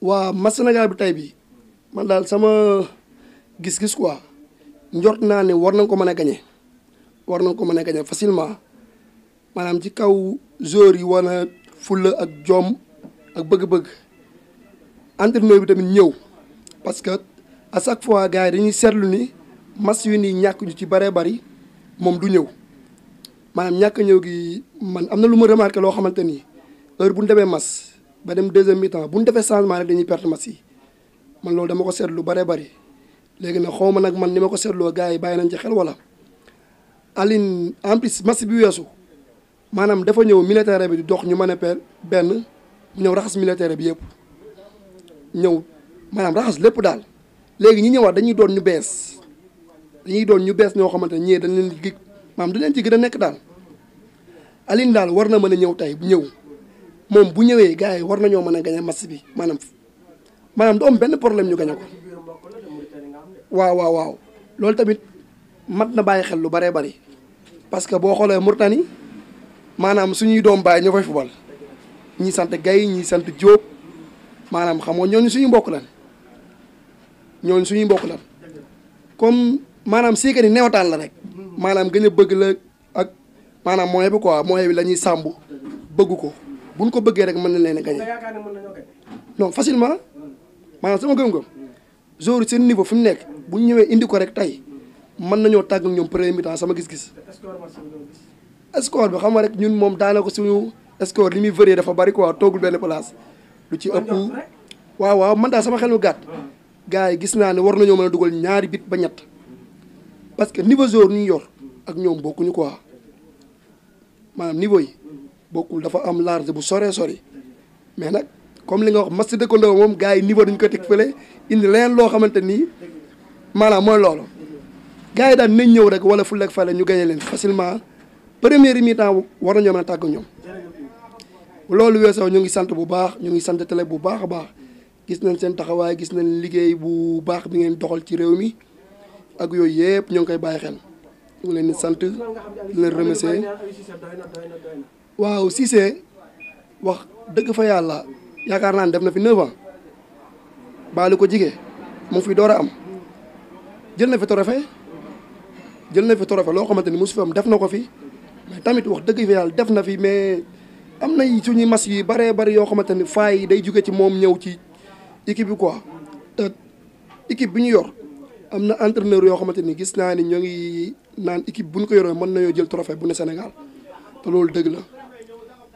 wa ma Sénégal bi tay bi man dal sama gis-gis quoi ndort na ne war nañ ko meuna gagner war nañ ko meuna gagner facilement manam ci kaw jour yi wana ful ak jom ak beug beug entraîneur bi tamit ñew parce que à chaque fois gars dañuy seetlu ni mas yu ni ñak ñu ci bare bëri mom du ñew manam ñak ñew gi man amna lu ma remarqué heure bu ñu mas ba dem deuxième mi-temps bu ñu defee changement rek dañuy perte match yi man loolu dama ko lu bare bari léegi na xaw ma nag man ni ma ko seetloo gars yi bàyyi nañ ci xel wala Aline en plus match bi weesu maanaam dafa ñëw militaire bi di dox ñu mën a per benn ñëw raxas militaire bi yëpp ñëw maanaam raxas lépp daal léegi ñu ñëwaat dañuy doon ñu bees dañuy doon ñu bees ñoo xamante ne ñii dañ leen di gig maanaam dañ ci gën a nekk daal Aline daal war na mën a ñëw tey ñëw. moom bu ñëwee gars yi war nañoo mën a gañe match bi maanaam maanaam du benn problème ñu gañe ko waaw waaw waaw loolu tamit mat na bàyyi xel lu bëree bëri parce que boo xoolee Mourtani maanaam suñuy doom bàyyi ñoo fay fubal ñii sant Gaye ñii sant Diop maanaam xam nga ñooñu suñu mbokk lan ñooñu suñuy mbokk lan comme maanaam siika ni newataan la rek maanaam gën a bëgg la ak maanaam moyen bi quoi moyen bi la ñuy sàmb bëggu ko bu ñu ko bëggee rek mën na leen a gagné non facilement maanaam sama gëm-gëm jour seen niveau fi mu nekk bu ñu ñëwee indi ko rek tey mën nañoo tàgg ak ñoom premier sama gis-gis. score bi xam nga rek ñun moom daanaka suñu score li muy varié dafa bari quoi toogul benn place lu ci ëpp. waaw waaw sama xel mu gars yi gis naa ne war nañoo mën dugal ñaari bit ba ñett parce que niveau jour ñu yor ak ñoom bokkuñu quoi maanaam niveau yi. bokkul dafa am large bu soree sori mais nag comme li nga wax match dëkkandoo moom gars yi niveau dañ ko teg fële indi leneen loo xamante nii maanaam mooy loolu gars yi daal nañ ñëw rek wala lekk fale ñu gagné leen facilement première mi-temps war nañoo mën a tàgg ñoom loolu weesoo ñu ngi sant bu baax ñu ngi sant télé bu baax a baax gis nañ seen taxawaay gis nañ liggéey bu baax bi ngeen doxal ci réew mi ak yooyu yëpp ñoo ngi koy bàyyi xel ñu leen di sant di leen remercier waaw Cissé wax dëgg fa yàlla yaakaar naa def na fi 9 ans baali ko jigee mu fi door a am jël na fi trophée jël na fi trophée loo xamante ni mosu fi am def na ko fi mais tamit wax dëgg fa yàlla def na fi mais am na suñuy mas yu bëree bëri yoo xamante ni yi day jóge ci moom ñëw ci équipe bi quoi te équipe bi ñu yor am na entraîneur yoo xamante ni gis naa ni ñoo ngi naan équipe bu ko yoree mën nañoo jël trophée bu ne Sénégal te loolu dëgg la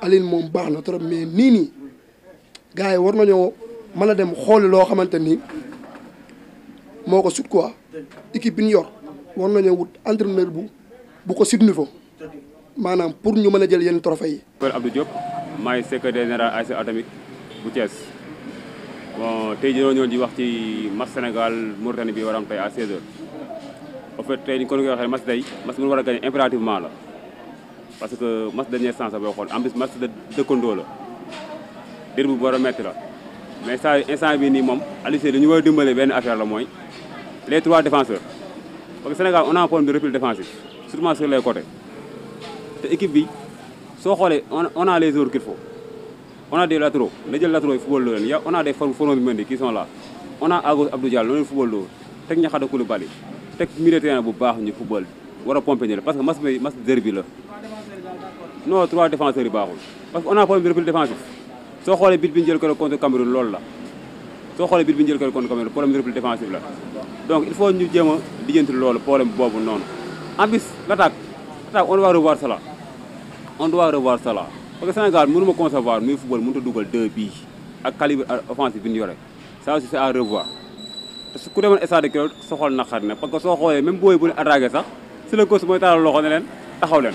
alil mom baax na trop mais ni ni gaay war nañu mala dem xol lo xamanteni moko sut quoi équipe bi yor war nañu wut entraîneur bu bu ko sut niveau manam pour ñu mën jël yeen trophée yi. Kër Abdou Diop may secrétaire général AC Atomique bu Thiès bon tay jëno ñoo di wax ci match Sénégal Mauritanie bi waram tay à 16h au fait tay tey ko nga waxe match day match bu war a gagné impérativement la. parce que match dernier chance booy xool en plus match de dëkkandoo la dir bu war a là mais ça instant bii nii moom Aliou Cissé li ñu war a dimbale affaire la mooy les trois défenseurs parce que Sénégal on a un problème de repli défensif surtout sur les côtés te équipe bi soo xoolee on a les joueurs qu'il faut on a des latéraux na jël latéraux yi football la leen yow on a des formes formes Mendy qui sont là on a à gauche Abdou Diallo loolu football la woon teg Niakhate Koulibaly teg milieu terrain bu baax ñu football war a pomper ñu parce que match bi match derby la. non trois défenseurs yi baaxul parce que on a problème de repli défensif soo xoolee bit bi ñu jël ko contre Cameroun loolu la soo xoolee bit bi ñu jël ko contre Cameroun problème de repli défensif la donc il faut ñu jéem a lijjanti loolu problème boobu noonu en plus l'attaque l'attaque on doit revoir cela on doit revoir cela parce que Sénégal mënu ma concevoir muy football mënut dugal deux bii ak calibre euh, offensif bi ñu yore ça aussi c'est à revoir parce que ku soo xoolee même booy bu ñu attaqué sax si la course ne leen taxaw leen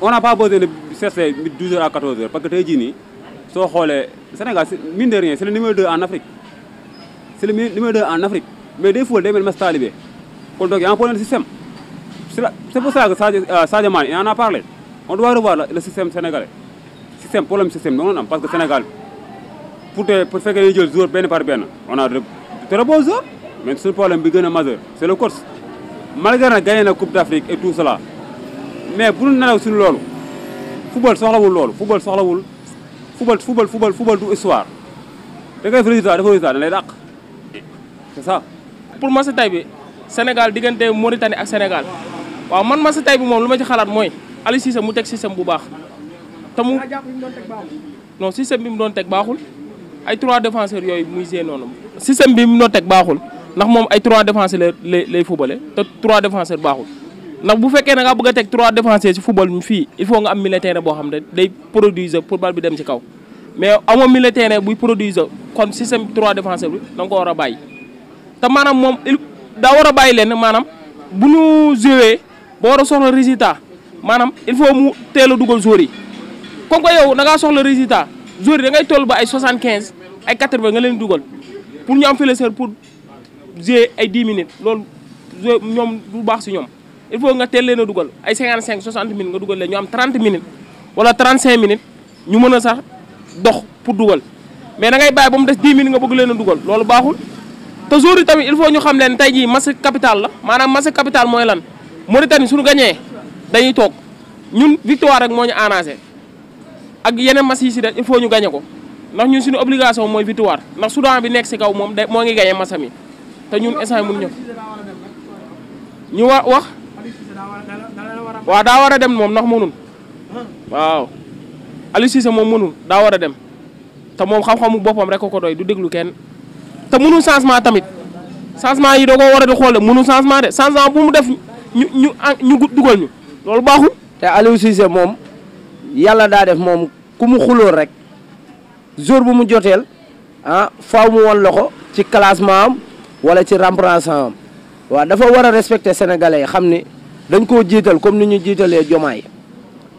on n'a pas besoin de 12 h à 14 h parce que le Sénégal mine de rien c'est le numéro 2 en Afrique c'est le numéro 2 en Afrique mais des fois, day mel il donc y a un problème de système c'est pour ça que Sadio euh, Mane en a parlé on doit revoir le système sénégalais système problème système Non, non, parce que Sénégal pour te pour faire les bien, par bien. on a de très bons joueurs mais ce problème c'est le coach malgré a gagné la Coupe d'Afrique et tout cela mais bu ñu nelaw suñu lool football soxlawul lool football soxlawul football football football football du histoire da ngay def da dafa résultat da lay dakk c'est ça. pour match tay bi Sénégal digënté Mauritanie ak Sénégal waaw man match tay bi moom lu ma ci xalaat mooy ali Cissé mu teg système bu baax te mu non système bi mu doon teg baaxul ay trois défenseurs yooyu muy jé noonu système bi mu doon teg baaxul ndax moom ay trois défenseurs lay lay footballé te trois défenseurs baaxul. ndax bu fekkee nag ngaa bëgg a teg trois défenseurs ci football mi fii il faut nga am milieu terrain boo xam ne day produire pour bal bi dem ci kaw mais amoo milieu terrain buy produire kon système trois défenseurs bi da nga war a bàyyi. te maanaam moom il daa war a bàyyi leen maanaam bu ñu joué ba war a soxla résultat maanaam il faut mu teel a dugal joueurs yi comme que yow soxla résultat joueurs yi da ngay toll ba ay soixante quinze ay quatre vingt nga leen dugal pour ñu am fële pour ay dix minutes loolu ñoom du baax si ñoom. il faut nga télé na a ay 55 60 minutes nga dugal le ñu am 30 minutes wala 35 minutes ñu mëna sax dox pour dugal mais da ngay bay ba mu des 10 minutes nga bëgg leena a lolu baxul te jour yi tamit il faut ñu xam leen tay ji masse capital la manam masse capital moy lan Mauritanie suñu gagné dañuy tok ñun victoire rek moñu ñu ak yeneen masse yi ci des il faut ñu gagné ko ndax ñun suñu obligation moy victoire ndax Soudan bi nek ci kaw mom mo ngi gagné masse mi te ñun instant yi mënu ñëw ñu wax waaw daa war a dem moom ndax mënul waaw Aliou moom mënul daa war a dem te moom xam-xamu boppam rek ko doy du déglu kenn te mënul changement tamit changement yi da koo war a di xool de mënul changement de changement bu mu def ñu ñu ah, ñu dugal ñu loolu baaxul. te Aliou moom yàlla daa def moom ku mu xuloon rek jour bu mu joteel ah faaw mu woon loxo ci classement am wala ci remplacement am waaw dafa war a respecter sénégalais yi xam ni. dañ koo jiital comme ni ñu jiitalee Jomaay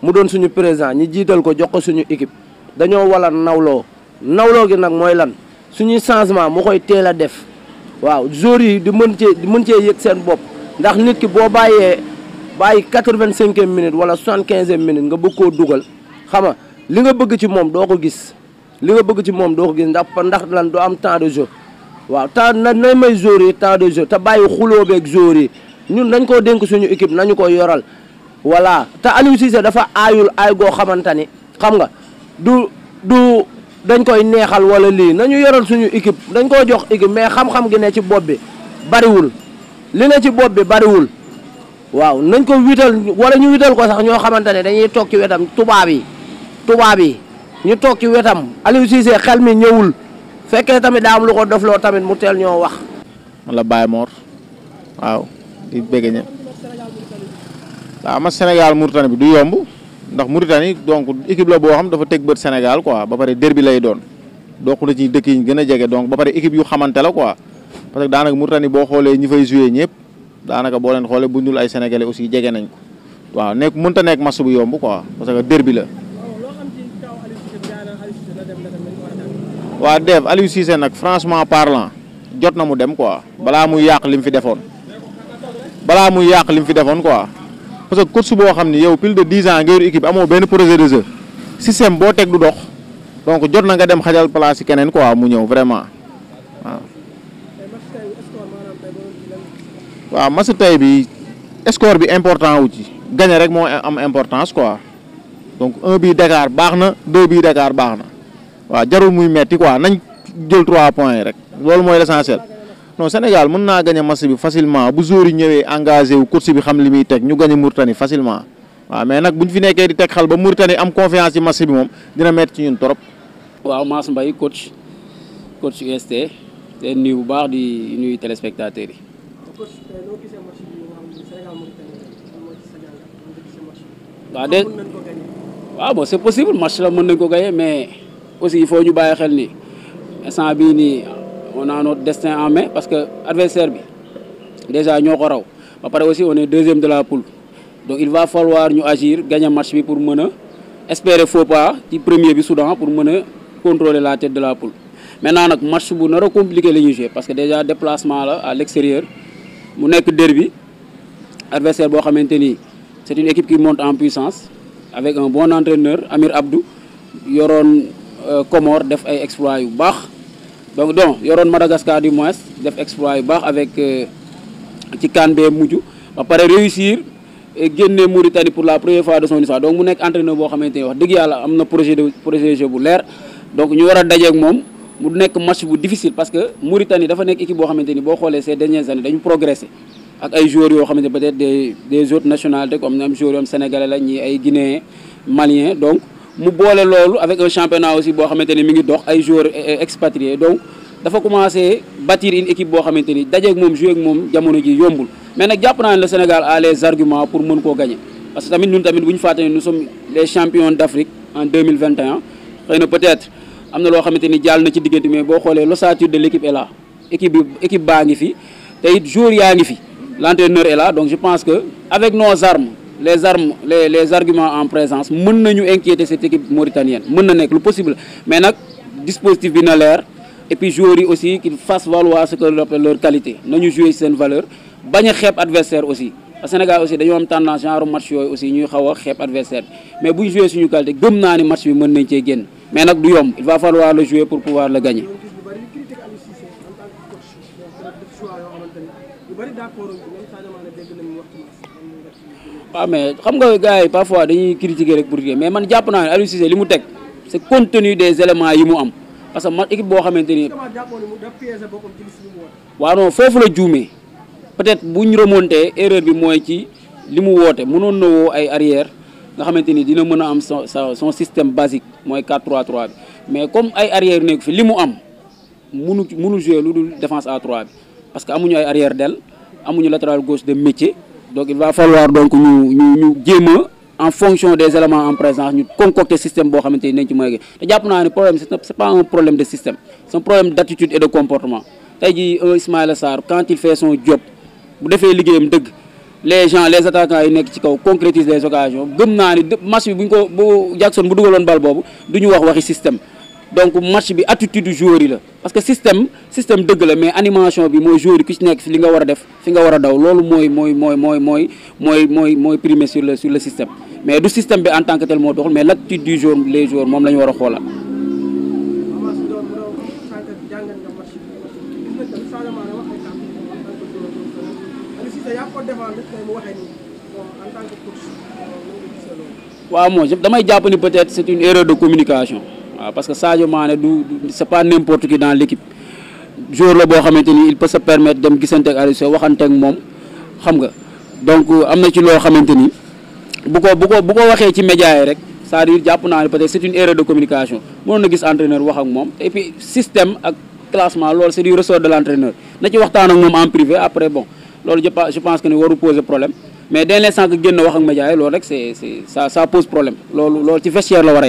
mu doon suñu président ñu jiital ko jox ko suñu équipe dañoo wala nawloo nawloo gi nag mooy lan suñuy changement mu koy teel a def waaw joueurs yi di mën cee mën cee yëg seen bopp ndax nit ki boo bàyyee bàyyi quatre-vingt-cinquième minute wala soixante-quinzième minute nga bëgg koo dugal xam nga li nga bëgg ci moom doo ko gis li nga bëgg ci moom doo ko gis ndax ndax lan doo am temps de jeu waaw temps na nay may joueurs temps de jeu te bàyyi xuloo beeg joueurs yi ñun dañ koo dénk suñu équipe nañu ko yoral voilà te Aliou Cissé dafa aayul aay goo xamante ni xam nga du du dañ koy neexal wala lii nañu yoral suñu équipe dañ koo jox équipe mais xam-xam gi ne ci bopp bi bariwul li ne ci bopp bi bariwul waaw nañ ko wital wala ñu wital ko sax ñoo xamante ne dañuy toog ci wetam tubaab yi tubaab yi ñu toog ci wetam Aliou Cissé xel mi ñëwul fekkee tamit daa am lu ko dofloo tamit mu teel ñoo wax. man la Baye waaw. di bégg la am ma Sénégal Mauritanie bi du yomb ndax Mauritanie donc équipe la bo xam dafa tek bët Sénégal quoi ba pare derby lay doon donc la ci dëkk yi gëna a donc ba pare équipe yu xamanté la quoi parce que danaka Mauritanie bo xolé ñi fay jouer ñëpp danaka bo len xolé bu ñul ay sénégalais aussi jege nañ ko waaw nek mënut a nekk match bu yomb quoi parce que derby la. waaw def Aliou Cissé nak franchement parlant jotna mu dem quoi bala mu yaq lim fi defoon. balaa muy yàq li mu fi defoon quoi parce que coach boo xam ni yow plus de dix ans nga yor équipe amoo benn projet de jeu système boo teg du dox donc jot na nga dem xajal place yi keneen quoi mu ñëw vraiment waaw. waaw match tey bi score bi important wu ci gagné rek moo am importance quoi donc un bi d'écart baax na deux bi d'écart baax na waa jarul muy metti quoi nañ jël trois points rek loolu mooy l'essentiel. non Sénégal mën naa gagné match bi facilement bu joueur yi ñëwee engagé wu course bi xam li muy teg ñu gagné Mauritanie facilement waaw mais nag bu fi nekkee di teg xal ba Mauritanie am confiance ci match bi moom dina metti ci ñun trop. waaw Mass Mbaye coach coach UST te nuyu bu baax di nuyu téléspectateurs yi. waaw de waaw c'est possible match la mën nañ ko gagné mais aussi il faut ñu bàyyi xel ni instant bii nii. on a notre destin en main parce que l'adversaire déjà ñoo ko raw aussi on est deuxième de la poule donc il va falloir agir gagner match pour mener. espérer faux pas premier bi Soudan pour mener contrôler la tête de la poule. maintenant le match bu compliqué parce que déjà déplacement à l'extérieur mu nek derby adversaire bo xamanteni c'est une équipe qui monte en puissance avec un bon entraîneur Amir Abdou Yoron euh, Comore def ay exploits donc donc yoroon Madagascar du moins def exploit yu baax avec euh, ci CAN muju mujj ba pare réussir génne Mauritanie pour la première fois de son histoire donc mu nek entraîneur bo xamanteni wax deug yalla amna projet de projet de jeu bu leer donc ñu wara a ak mom mu nek match bu difficile parce que Mauritanie dafa nek équipe bo xamanteni bo xolé ces dernières années dañu progresser ak ay joueurs yo xamanteni peut-être des des autres nationalités comme ñam joueurs sénégalais la ñi ay guinéens maliens donc mu boole avec un championnat aussi boo xamante ni mi ngi dox ay joueurs expatriés donc dafa commencer bâtir une équipe boo xamante ni dajeeg jouer joué ak moom jamono ji yombul mais nag jàpp naa le Sénégal a les arguments pour mon koo gagner parce que tamit ñun tamit bu nous sommes les champions d'Afrique en 2021 xëy na peut-être am na loo xamante ni jàll na ci diggante mais boo xoolee l'ossature de l'équipe est là équipe équipe baa ngi fi te joueurs yaa fi l'entraîneur est là donc je pense que avec nos armes les armes les les arguments en présence mën nañu inquiéter cette équipe mauritanienne mën na nekk lu possible mais nag dispositif bi na leer et puis joueurs aussi qu'ils fassent valoir ce que leur qualité nañu jouer cette valeur bañ a adversaire aussi Au Sénégal aussi dañoo am tendance genre match yooyu aussi ñuy xaw a adversaire mais bu jouer suñu qualité gëm naa ni match bi mën nañ cee génn mais nag du il va falloir le jouer pour pouvoir le gagner waaw mais xam nga gars parfois dañuy critiquer rek pour mais man japp naa ne Aliou Cissé li mu teg c' est compte des éléments yi mu am parce que man équipe boo xamante ni. waaw non foofu la juumee peut-être bu ñu remonté erreur bi mooy ci li mu woote mënoon na woo ay arrière nga xamante ni dina mën a am son son système basique mooy 4-3-3 bi mais comme ay arrière nekk fi li mu am mënu mënu jouer lu dul défense à 3 bi parce que amuñu ay arrière del amuñu latéral gauche de métier donc il va falloir donc nous ñu en fonction des éléments en présence ñu concocter système pour xamante ni ci problème C'est pas un problème de système c'est un problème d'attitude et de comportement tey jii un Ismaël quand il fait son job il fait le game, les gens les attaquants yi concrétisent les occasions Comme naa ni match bi ko Jackson bu dugaloon système donc match bi attitude joueur parce que système système est la mais animation bi joueur def sur le sur le système mais du système en tant que tel mais l'attitude du joueur les joueurs je je, je peut-être une erreur de communication parce que Sadio Mané du c'est pas n'importe qui dans l'équipe joueur la bo xamante ni il peut se permettre dem gisante ak Aliou Cissé waxante ak mom xam nga donc euh, amna ci lo xamante ni bu ko bu ko bu ko waxee ci média yi rek c'est-à-dire jàpp naa peut-être c'est une erreur de communication Mon na gis entraîneur wax ak mom et puis système ak classement loolu c'est du ressort de l'entraîneur na ci waxtan ak mom en privé après bon loolu je pense que ne waru poser problème mais dès l'instant que guen wax ak média yi loolu rek c'est c'est ça ça pose problème loolu loolu ci vestiaire la war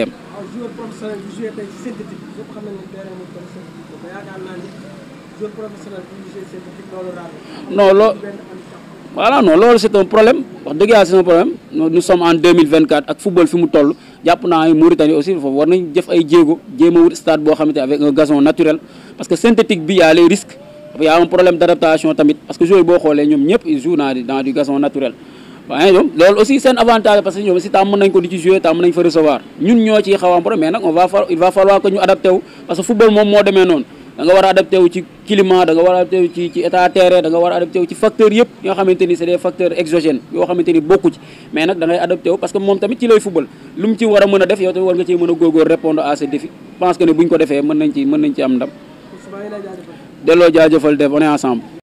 joueur professionnel bi joué tey synthétique ñëpp xam nañ terrain moom benn synthétique ba yaakaar naa ni joueur professionnel bi joué synthétique loolu raar non loo voilà non loolu c' est un problème wax dëgg yàlla c' est un problème nous sommes en 2024 ak football fi mu toll jàpp naa ne Mauritanie aussi foofu war nañ def ay jéego jéem a wut stade boo xamante avec un gazon naturel parce que synthétique bi y a les risques y a un problème d' adaptation tamit parce que joueur boo xoolee ñoom ñëpp ils jouent dans du gazon naturel waaye eh, ñoom loolu aussi seen avantage parce que ñoom si tàmm nañ ko di ci jouer tàmm nañ fa recevoir ñun ñoo ciy xaw a mais nag on va il va falloir que ñu adapté wu parce que football moom moo demee noonu da nga war a adapté wu ci climat da nga war a adapté wu ci ci état terrain da nga war a adapté wu ci facteurs yëpp yoo xamante ni c'est des facteurs exogènes yoo xamante ni bokku ci mais nag da ngay adapté wu parce que moom tamit ci lay football lu mu ci war a def yow tamit war nga répondre à pense que ne buñ ko mën nañ ci mën nañ ci am ndam def on est ensemble